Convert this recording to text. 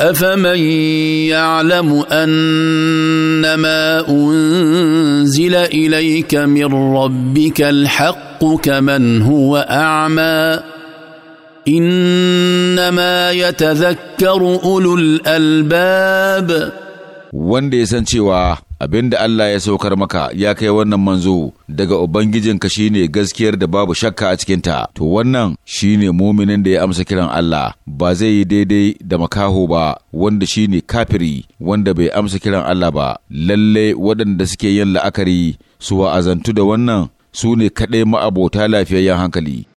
افمن يعلم انما انزل اليك من ربك الحق كمن هو اعمى انما يتذكر اولو الالباب wanda ya abin da Allah ya saukar maka ya kai wannan manzo daga Ubangijinka shine gaskiyar da babu shakka a cikinta, to wannan shine muminin da ya amsa kiran Allah ba zai yi daidai da makaho ba wanda shine kafiri wanda bai amsa kiran Allah ba, lalle waɗanda suke yin la'akari su wa'azantu da wannan su ne kaɗai ma'abota lafiyayyen hankali.